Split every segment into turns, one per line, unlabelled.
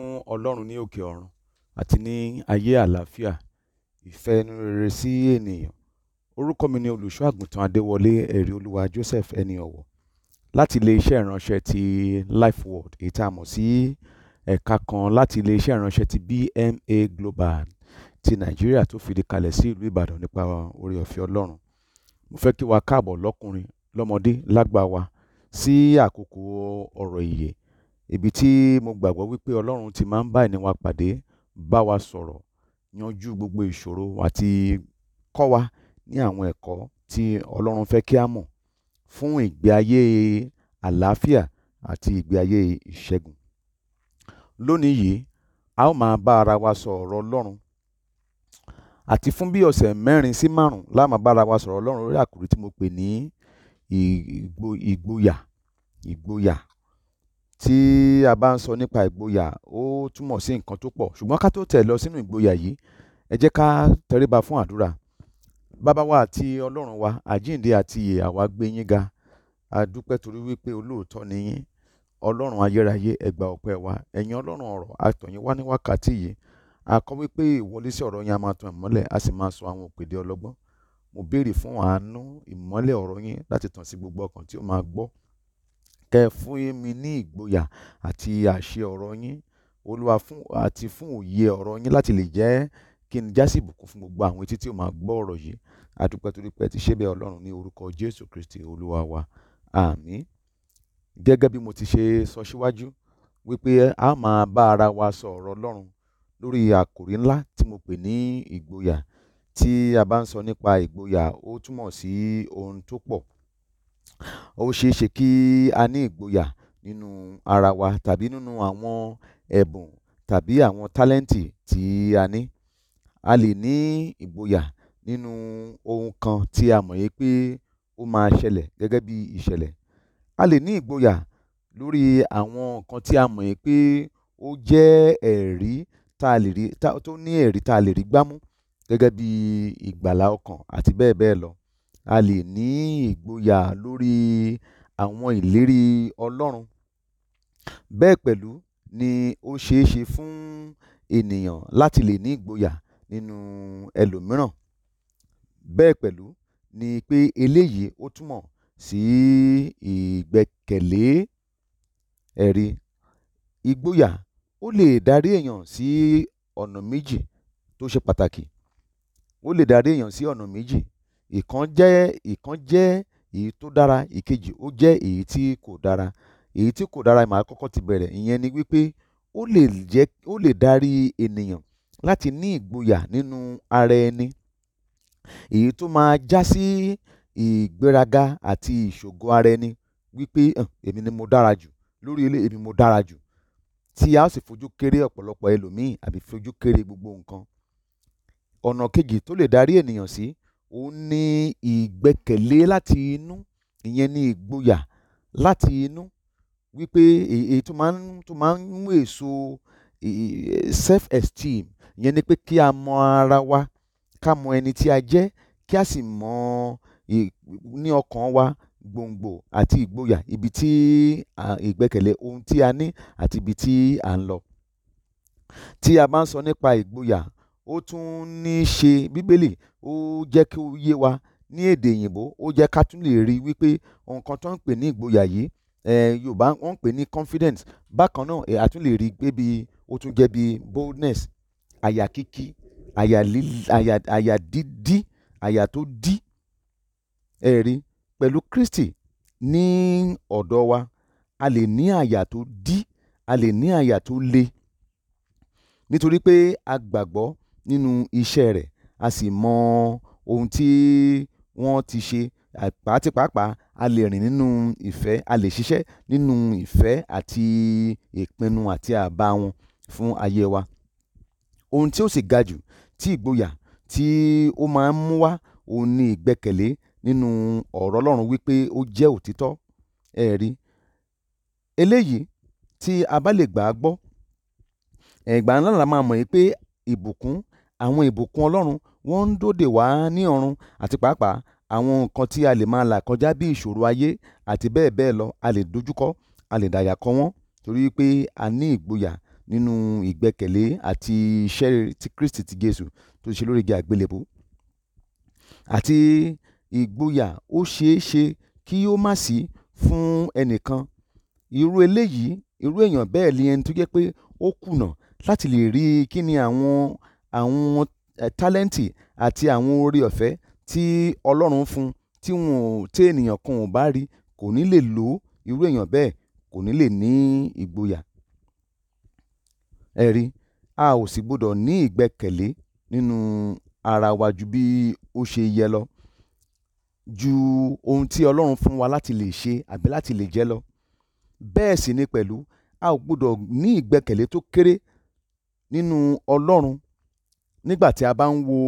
fún Ọlọ́run ní òkè ọ̀run àti ní ayé àlàáfíà ìfẹ́ inú rere sí ènìyàn orúkọ mi ni olùṣọ́ àgùntàn Adéwọlé ẹ̀rí olúwa Joseph ẹni ọ̀wọ̀ láti iléeṣẹ́ ìránṣẹ́ ti Life World èyí tá a mọ̀ sí ẹ̀ka kan láti iléeṣẹ́ ìránṣẹ́ ti BMA Global ti Nàìjíríà tó fìdí kalẹ̀ sí ìlú Ìbàdàn nípa oore ọ̀fẹ́ Ọlọ́run mo fẹ́ kí wa káàbọ̀ lọ́kùnrin lọ́mọdé lágbà wa sí àkókò ọ̀rọ̀ ìyè ibi tí mo gbàgbọ́ wípé ọlọ́run ti máa ń bá ẹni wa pàdé bá wa sọ̀rọ̀ yanjú gbogbo ìṣòro àti kọ́ wa ní àwọn ẹ̀kọ́ tí ọlọ́run fẹ́ kí a mọ̀ fún ìgbé ayé àlàáfíà àti ìgbé ayé ìṣẹ́gun. lónìí yìí a ó máa bá ara wa sọ ọ̀rọ̀ ọlọ́run àti fún bí ọ̀sẹ̀ mẹ́rin sí márùn la máa bá ara wa sọ̀rọ̀ ọlọ́run lórí àkòrí tí mo pè ní ìgboyà ìgboyà tí a bá ń sọ nípa ìgboyà ó túmọ̀ sí nǹkan tó pọ̀ ṣùgbọ́n ká tó tẹ̀ lọ sínú ìgboyà yìí ẹ jẹ́ ká tẹríba fún àdúrà bàbá wa àti ọlọ́run wa àjíǹde àti ìyè àwa gbé yín ga a dúpẹ́ torí wípé olóòótọ́ ni yín ọlọ́run ayérayé ẹ gba ọpẹ́ wa ẹ̀yin ọlọ́run ọ̀rọ̀ àtọ̀yìn wá ní wákàtí yìí a kọ wípé ìwọlé sí ọ̀rọ̀ yín a máa tan ìmọ́lẹ̀ a sì máa sọ àwọn òpèdè ọlọ́gbọ́n mo béèrè fún àánú ìmọ́lẹ̀ ọ̀rọ̀ yín láti tàn sí gbogbo ọkàn tí ó máa gbọ́ kẹ́ ẹ fún mi ní ìgboyà àti àṣẹ ọ̀rọ̀ yín olúwa fún àti fún òye ọ̀rọ̀ yín láti lè jẹ́ kí n jásí ìbùkún fún gbogbo àwọn etí tí ó máa gbọ́ ọ̀rọ̀ yìí adúpẹ́ torí pé ti ṣe bẹ́ẹ̀ ọlọ́run ní orúkọ jésù kristi olúwa wa àmín gẹ́gẹ́ bí mo ti ṣe sọ síwájú wípé a máa bá ara wa sọ ọ̀rọ̀ ọlọ́run lórí àkòrí ńlá tí mo pè ní ìgboyà tí a bá ń sọ nípa ìgboyà ó túmọ̀ sí ohun tó pọ̀ ó ṣeé ṣe kí a ní ìgboyà nínú ara wa tàbí nínú àwọn ẹ̀bùn tàbí àwọn tálẹ́ǹtì tí a ní. A lè ní ìgboyà nínú ohun kan tí a mọ̀ wí pé ó máa ṣẹlẹ̀ gẹ́gẹ́ bí ìṣẹ̀lẹ̀. A lè ní ìgboyà lórí àwọn nǹkan tí a mọ̀ wí pé ó jẹ́ ẹ̀rí tá a lè rí tó ní ẹ̀rí tá a lè rí gbámú gẹ́gẹ́ bí ìgbàlà ọkàn àti bẹ́ẹ̀ bẹ́ẹ̀ lọ a lè ní ìgboyà lórí àwọn ìlérí Ọlọ́run bẹ́ẹ̀ pẹ̀lú ni ó ṣeé ṣe fún ènìyàn láti lè ní ìgboyà nínú ẹlòmíràn bẹ́ẹ̀ pẹ̀lú ni pé eléyìí ó túmọ̀ sí ìgbẹ́kẹ̀lé ẹ̀rí ìgboyà ó lè darí èèyàn sí ọ̀nà méjì tó ṣe pàtàkì ó lè darí èèyàn sí ọ̀nà méjì ìkan jẹ́ ìkan jẹ́ èyí tó dára ìkejì ó jẹ́ èyí tí kò dára èyí tí kò dára màá kọ́kọ́ ti bẹ̀rẹ̀ ìyẹn ni wípé ó lè jẹ́ ó lè darí ènìyàn láti ní ìgboyà nínú ara ẹni èyí tó máa já sí ìgbéraga àti ìṣògo ara ẹni wípé èmi ni mo dára jù lórí ilé èmi mo dára jù tí a ó sì fojú kéré ọ̀pọ̀lọpọ̀ ẹlòmíì àbí fojú kéré gbogbo nǹkan ọ̀nà kejì tó lè darí ènìyàn sí òun ni ìgbẹ́kẹ̀lé láti inú ìyẹn ni ìgboyà láti inú wípé èyí tó máa ń mú èso self esteem ìyẹn ni pé kí a mọ ara wa ká mọ ẹni tí a jẹ́ kí a sì mọ ní ọkàn wa gbòǹgbò àti ìgboyà ibi tí ìgbẹ́kẹ̀lé ohun tí a ní àti ibi tí à ń lọ. tí a bá ń sọ nípa ìgboyà ó tún ní í ṣe bíbélì ó jẹ́ kó yé wa ní èdè òyìnbó ó jẹ́ ká tún lè rí i wípé nǹkan tó ń pè ní ìgboyà yìí yorùbá wọ́n ń pè ní confidence bákan náà a tún lè rí i pé bí ó tún jẹ́ bí boldness àyà kíkí àyà dídí àyà tó dí ẹ̀rí pẹ̀lú Kristi ní ọ̀dọ̀ wa a lè ní àyà tó dí a lè ní àyà tó le nítorí pé a gbàgbọ́ nínú iṣẹ́ rẹ̀ a sì mọ ohun tí wọ́n ti ṣe àti pàápàá a lè rìn nínú ìfẹ́ a lè ṣiṣẹ́ nínú ìfẹ́ àti ìpinnu àti àbá wọn fún ayé wa ohun tí ó sì ga jù tí ìgboyà tí ó máa ń mú wá òun ni ìgbẹ́kẹ̀lé nínú ọ̀rọ̀ ọlọ́run wípé ó jẹ́ òtítọ́ ẹ̀rí eléyìí tí a bá lè gbà á gbọ́ ẹ̀gbà ńlá la máa mọ̀ pé ìbùkún àwọn ìbùkún ọlọ́run wọ́n ń dòde wá ní ọ̀run àti pàápàá àwọn nǹkan tí a lè máa là kọjá bí ìṣòro ayé àti bẹ́ẹ̀ bẹ́ẹ̀ lọ a lè dojúkọ a lè dàyà kọ wọ́n torí pé a ní ìgboyà nínú ìgbẹ́kẹ̀lé àti iṣẹ́ ti Kristi ti Jésù tó ṣe lórí igi àgbélébùú àti ìgboyà ó ṣeé ṣe kí ó má sí fún ẹnìkan irú eléyìí irú èèyàn bẹ́ẹ̀ ni ẹni tó jẹ́ pé ó kùnà láti lè rí kí ni àwọn àwọn eh, tálẹ́ǹtì àti àwọn oore-ọ̀fẹ́ tí ọlọ́run fún un tí ènìyàn kan ò bá rí kò ní lè lo irú èèyàn bẹ́ẹ̀ kò ní lè ní ìgboyà. ẹ̀rí a ò sì gbọdọ̀ ní ìgbẹ́kẹ̀lé nínú ara wa ju bí ó ṣe yẹ lọ ju ohun tí ọlọ́run fún wa láti lè ṣe àbí láti lè jẹ́ lọ bẹ́ẹ̀ sì ni pẹ̀lú a ò gbọdọ̀ ní ìgbẹ́kẹ̀lé tó kéré nínú ọlọ́run nígbà tí a bá ń wo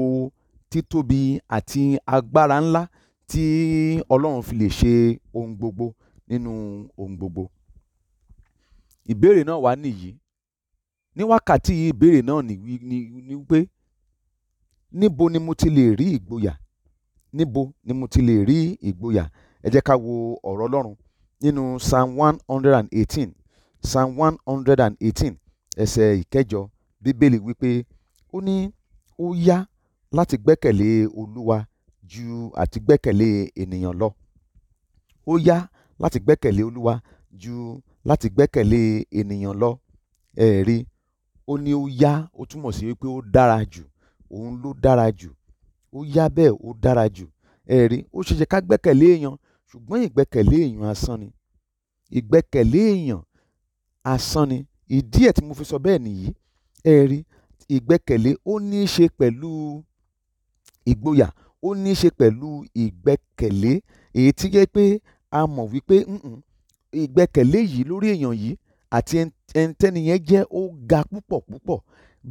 títóbi àti agbára ńlá tí ọlọ́run fi lè ṣe ohun gbogbo nínú ohun gbogbo ìbéèrè náà wà nìyí ní wákàtí yìí ìbéèrè náà ni wípé níbo ni mo ti lè rí ìgboyà níbo ni mo ti lè rí ìgboyà ẹ jẹ́ ká wo ọ̀rọ̀ ọlọ́run nínú psalm one hundred and eighteen psalm one hundred and eighteen ẹsẹ̀ ìkẹjọ bíbélì wípé ó ní ó yá láti gbẹ́kẹ̀lé olúwa ju àti gbẹ́kẹ̀lé ènìyàn lọ ó yá láti gbẹ́kẹ̀lé olúwa ju láti gbẹ́kẹ̀lé ènìyàn lọ ẹ̀rí ó ní ó yá ó túmọ̀ sí wípé ó dára jù òun ló dára jù ó yá bẹ́ẹ̀ ó dára jù ẹ̀rí ó ṣeéṣe ká gbẹ́kẹ̀lé èèyàn ṣùgbọ́n ìgbẹ́kẹ̀lé èèyàn asán ni ìgbẹ́kẹ̀lé èèyàn asán ni ìdí ẹ̀ tí mo fi sọ bẹ́ẹ̀ nìyí ẹ̀rí ìgbẹ́kẹ̀lé ó ní í ṣe pẹ̀lú ìgboyà ó ní í ṣe pẹ̀lú ìgbẹ́kẹ̀lé èyí tí jẹ́ pé a mọ̀ wípé ìgbẹ́kẹ̀lé yìí lórí èèyàn yìí àti ẹnitẹ́ni yẹn jẹ́ ó ga púpọ̀ púpọ̀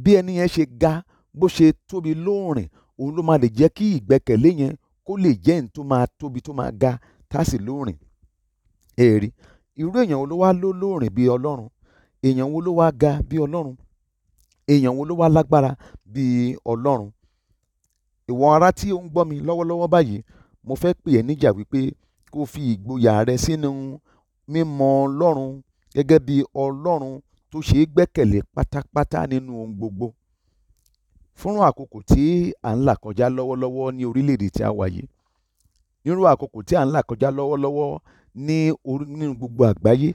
bí ẹni yẹn ṣe ga bó ṣe tóbi lóòrìn òun ló máa lè jẹ́ kí ìgbẹ́kẹ̀lé yẹn kó lè jẹ́ ní tó máa tóbi tó máa ga tásì lóòrìn èrí irú èèyàn wo ló wá ló lóòrìn bí ọlọ́run èèyàn wo ló wá ga bí ọlọ́run èèyàn wo ló wá lágbára bíi ọlọ́run ìwọ ará tí ó ń gbọ́ mi lọ́wọ́lọ́wọ́ báyìí mo fẹ́ pè ẹ́ níjà wípé kó fi ìgboyà rẹ sínú mímọ ọlọ́run gẹ́gẹ́ bí ọlọ́run tó ṣe é gbẹ́kẹ̀lé pátápátá nínú ohun gbogbo fún àkókò tí à ń là kọjá lọ́wọ́lọ́wọ́ ní orílẹ̀-èdè tí a wà yìí nírú àkókò tí à ń là kọjá lọ́wọ́lọ́wọ́ ní orí nínú gbogbo àgbáyé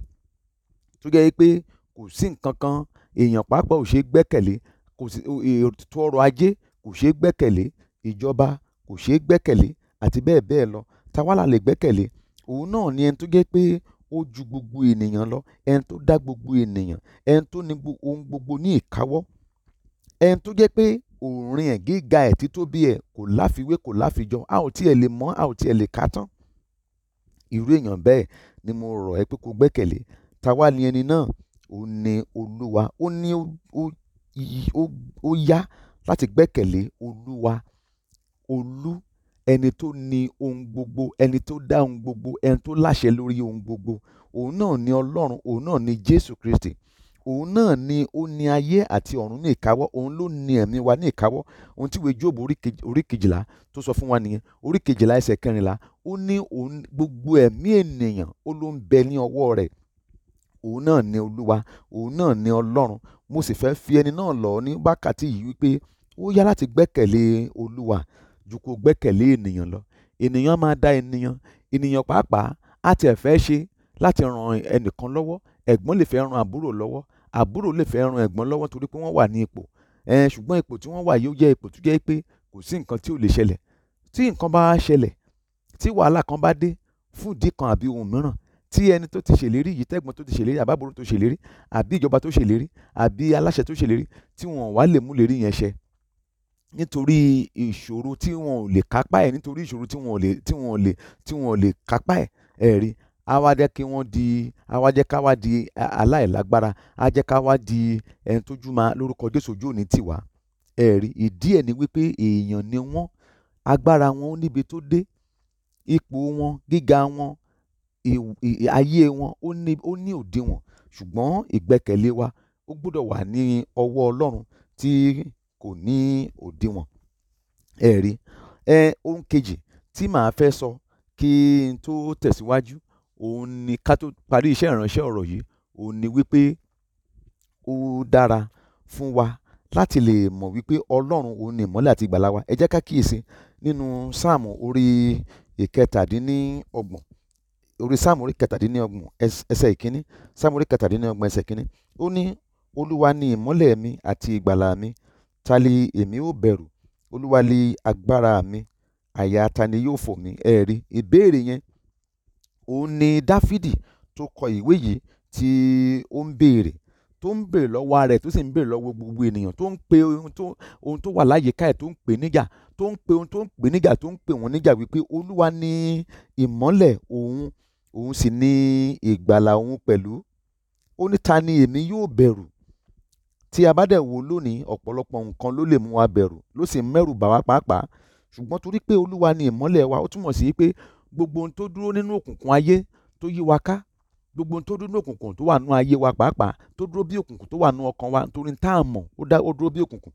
tó jẹ́ pé kò sí nǹkan kan èèyàn pàápàá ò ṣeé gbẹ́kẹ̀lé kò sí ètò ọrọ̀ ajé kò ṣeé gbẹ́kẹ̀lé ìjọba kò ṣeé gbẹ́kẹ̀lé àti bẹ́ẹ̀ bẹ́ẹ̀ lọ táwa la lè gbẹ́kẹ̀lé òun náà ni ẹni tó jẹ́ pé ó ju gbogbo ènìyàn lọ ẹni tó dá gbogbo ènìyàn ẹni tó ní ohun gbogbo ní ìkáwọ́ ẹni tó jẹ́ pé òòrìn ẹ̀ gíga ẹ̀ títóbi ẹ̀ kò láfiwé kò láfijọ a ò tiẹ̀ lè mọ̀ a ò tiẹ̀ lè kà tán irú èèyàn bẹ́ẹ̀ ni mo rọ̀ ẹ́ pé kó gbẹ́kẹ̀lé táwa ni ẹni náà ní olúwa ó ní ó yá láti gbẹ́kẹ̀lé olúwa olú ẹni tó ní ohun gbogbo ẹni tó dá ohun gbogbo ẹni tó láṣẹ lórí ohun gbogbo òun náà ni ọlọ́run òun náà ni jésù kristi òun náà ni ó ní ayé àti ọ̀run ní ìkáwọ́ òun ló ní ẹ̀mí wa ní ìkáwọ́ ohun tí ìwé Jóòbù orí kejìlá tó sọ fún wa nìyẹn orí ẹsẹ̀ kẹrìnlá ó ní gbogbo ẹ̀mí ènìyàn ó ló ń bẹ ní ọwọ́ rẹ̀ òun náà ni olúwa òun náà ni ọlọ́run mo sì fẹ́ fi ẹni náà lọ ní wákàtí yìí wípé ó yá láti gbẹ́kẹ̀lé olúwa ju kó gbẹ́kẹ̀lé ènìyàn lọ ènìyàn máa da ènìyàn ènìyàn pàápàá á tiẹ̀ fẹ́ ṣe láti ran ẹnìkan lọ́wọ́ ẹ̀gbọ́n lè fẹ́ ran àbúrò lọ́wọ́ àbúrò lè fẹ́ ran ẹ̀gbọ́n lọ́wọ́ torí pé wọ́n wà ní ipò ẹ̀ẹ́n ṣùgbọ́n ipò tí wọ́n wà yóò jẹ́ ipò tó jẹ́ pé kò sí nǹkan tí ò lè ṣẹlẹ̀ tí nǹkan bá ṣẹlẹ̀ tí wàhálà kan bá dé fún ìdí kan àbí ohun mìíràn tí ẹni tó ti ṣèlérí yìí tẹ́gbọ́n tó ti ṣèlérí àbábòrò tó ṣèlérí àbí ìjọba tó ṣèlérí àbí aláṣẹ tó ṣèlérí tí wọn wá lè mú lérí yẹn ṣẹ nítorí ìṣòro tí wọn ò lè kápá ẹ̀ nítorí ìṣòro tí wọn ò lè tí wọn ò lè tí wọn ò lè kápá ẹ̀ ẹ̀ rí awájẹ́ kí wọ́n di awájẹ́ káwá di aláìlágbára ajẹ́ káwá di ẹni tójú ma lórúkọ Jésù ojú òní tiwa ẹ̀ rí ìdí ẹ̀ ni wípé èèyàn ni wọ́n agbára wọn níbi tó dé ipò wọn gíga wọn ayé wọn ó ní ó ní òdiwọ̀n ṣùgbọ́n ìgbẹ́kẹ̀lé wa ó gbọ́dọ̀ wà ní ọwọ́ Ọlọ́run tí kò ní òdiwọ̀n ẹ rí ẹ ohun kejì tí màá fẹ́ sọ kí n tó tẹ̀síwájú òun ni ká tó parí iṣẹ́ ìránṣẹ́ ọ̀rọ̀ yìí òun ni wípé ó dára fún wa láti lè mọ̀ wípé ọlọ́run òun ni ìmọ́lẹ̀ àti ìgbàlà wa ẹ jẹ́ ká kíyèsí nínú sáàmù orí ìkẹtàdínníọgbọ̀n orí sáàmùrí kẹtàdínlọ́gbọ̀n ẹsẹ̀ ìkíní sáàmùrí kẹtàdínlọ́gbọ̀n ẹsẹ̀ ìkíní ó ní olúwa ni ìmọ́lẹ̀ mi àti ìgbàlà mi ta li èmi ó bẹ̀rù olúwa li agbára mi àyà ta ni yóò fò mí ẹ rí ìbéèrè yẹn òun ni dáfídì tó kọ ìwé yìí tí ó ń béèrè tó ń béèrè lọ́wọ́ rẹ̀ tó sì ń béèrè lọ́wọ́ gbogbo ènìyàn tó ń pe ohun tó wà láyìíká ẹ̀ tó ń pè níjà tó ń pe ohun tó ń pè níjà tó ń pè wọ́n níjà wípé olúwa ni ìmọ́lẹ̀ òun òun sì ni ìgbàlà òun pẹ̀lú ó ní ta ni èmi yóò bẹ̀rù tí a bá dẹ̀ wò lónìí ọ̀pọ̀lọpọ̀ nǹkan ló lè mú wa bẹ̀rù ló sì mẹ́rù bà wá pàápàá ṣùgbọ́n torí pé olúwa ni ìmọ́lẹ̀ wa ó túmọ̀ sí pé gbogbo ohun tó dúró nínú òkùnkùn ayé tó yí wa ká gbogbo ohun tó dúró nínú òkùnkùn tó wà nínú ayé wa pàápàá tó dúró bí òkùnkùn tó wà nínú ọkàn wa torí tá a mọ̀ ó dúró bí òkùnkùn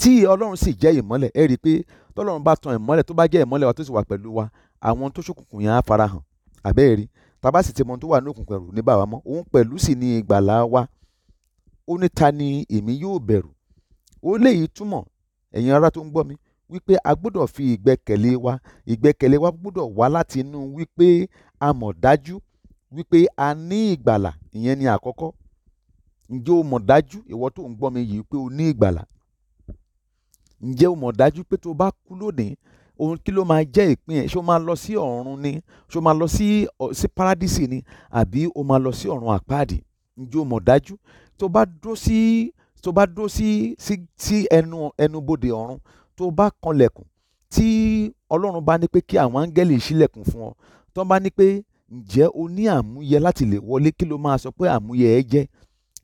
tí ọlọ́run sì jẹ́ ìmọ́lẹ̀ ẹ rí i pé tọ́lọ́run bá tan ìmọ́lẹ̀ tó bá jẹ́ ìmọ́lẹ̀ wa tó sì wà pẹ̀lú wa àwọn tó ṣókùnkùn yẹn á farahàn àbẹ́ẹ̀rí tábà sì ti mọ tó wà ní òkùnkùn ẹ̀rù ní bàwá mọ́ òun pẹ̀lú sì ni ìgbàlà wa ó ní ta ni èmi yóò bẹ̀rù ó léyìí túmọ̀ ẹ̀yin ará tó ń gbọ́ mi wípé a gbọ́dọ̀ fi ìgbẹ́kẹ̀lé wa ìgbẹ́kẹ̀lé wa gbọ́dọ̀ wá láti inú wípé a mọ̀ dájú wípé a ní ìgbàlà ìyẹn ni àkọ́kọ́ ǹjẹ́ o mọ̀ dájú ìwọ tó ń gbọ́ mi yìí pé o ní ìgbàlà ǹjẹ́ o mọ̀ dájú pé tó bá kú lónìí ohun kí ló máa jẹ́ ìpín ẹ̀ ṣé o máa lọ sí ọ̀run ni ṣé o máa lọ sí sí paradísì ni àbí o máa lọ sí ọ̀run àpáàdì ǹjẹ́ o mọ̀ dájú tó bá dúró sí tó bá dúró sí sí sí ẹnu ẹnubodè ọ̀run tó bá kanlẹ̀kùn tí ọlọ́run bá ní pé kí àwọn áńgẹ́lì ṣílẹ̀kùn fún ọ tó bá ní pé ǹjẹ́ o ní àmúyẹ láti lè wọlé kí ló máa sọ pé àmúyẹ ẹ jẹ́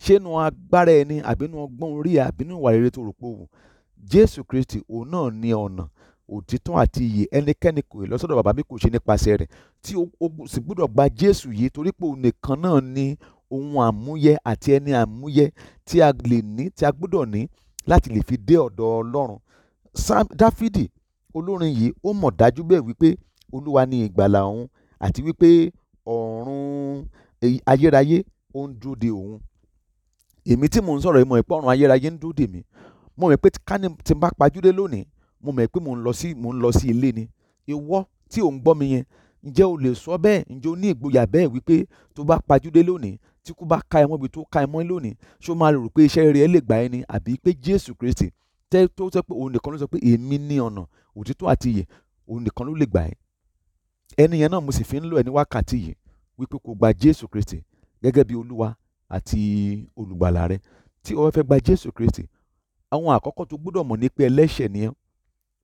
ṣé nu agbára ẹni àbínú ọgbọ́n orí àbínú ìwà rere tó rò pé òun Jésù Kristi òun náà ní ọ̀nà òtítọ́ àti iyè ẹnikẹ́ni kò lọ bàbá bí kò ṣe nípasẹ̀ rẹ̀ tí o sì gbọ́dọ̀ gba jésù yìí torí pé òun nìkan náà ni ohun àmúyẹ àti ẹni àmúyẹ tí a lè ní tí a gbọ́dọ̀ ní láti lè fi dé ọ̀dọ̀ ọlọ́run sam dáfídì olórin yìí ó mọ̀ dájú bẹ́ẹ̀ wípé olúwa ni ìgbàlà òun àti wípé ọ̀run ayérayé ó ń dúró de òun èmi tí mò ń sọ̀rọ̀ ìmọ̀ ìpọ́nrún ayérayé ń dúró mi mo mọ̀ pé ká ní tí n bá pajúdé lónìí mo mọ̀ pé mò ń lọ sí mò ń lọ sí ilé ni ìwọ tí ò ń gbọ́ mi yẹn ǹjẹ́ o lè sọ bẹ́ẹ̀ ǹjẹ́ o ní ìgboyà bẹ́ẹ̀ wípé tó bá pajúdé lónìí tí kú bá ka ẹ mọ́ ibi tó ka ẹ mọ́ lónìí ṣé o máa rò pé iṣẹ́ rẹ̀ lè gbà ẹ́ ni àbí pé Jésù Kristi tẹ́ tó sọ pé òun nìkan ló sọ pé èmi ní ọ̀nà òtítọ́ àti ìyè òun nìkan ló lè gbà ẹ́ ẹni yẹn náà mo sì fi ń lò ẹ́ wákàtí yìí wípé kò gba Jésù Kristi gẹ́gẹ́ bí Olúwa àti olùgbàlà rẹ tí o fẹ́ gba Jésù Kristi àwọn àkọ́kọ́ tó gbọ́dọ̀ mọ̀ ní ẹlẹ́ṣẹ̀ ni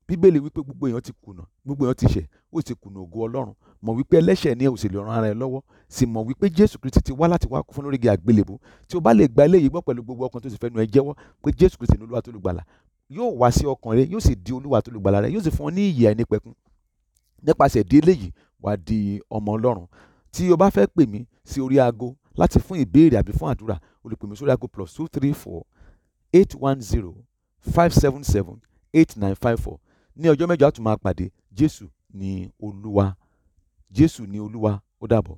bíbélì wípé gbogbo èèyàn ti kùnà gbogbo èèyàn ti ṣẹ̀ ó sì kùnà ògo ọlọ́run mọ̀ wípé ẹlẹ́ṣẹ̀ ni ò sì lè ran ara ẹ lọ́wọ́ sì mọ̀ wípé jésù kristi ti wá láti wá fún lórí igi àgbélébù tí o bá lè gba eléyìí gbọ́ pẹ̀lú gbogbo ọkàn tó sì fẹ́nu ẹ jẹ́wọ́ pé jésù kristi ni olúwa tó lù gbàlà yóò wá sí ọkàn rẹ yóò sì di olúwa tó lù gbàlà rẹ yóò sì fún ọ ní ìyè àìnípẹ̀kun nípasẹ̀ ìdí eléyìí wàá di ọmọ ọlọ́run tí o bá fẹ́ pè mí sí orí aago láti fún ìbéèrè àbí fún àdúrà o lè pè mí sórí aago plus two three four eight one zero five seven seven eight nine five four ní ọjọ́ mẹ́jọ a tún máa pàdé jésù ni olúwa jésù ni olúwa ó dàbọ̀.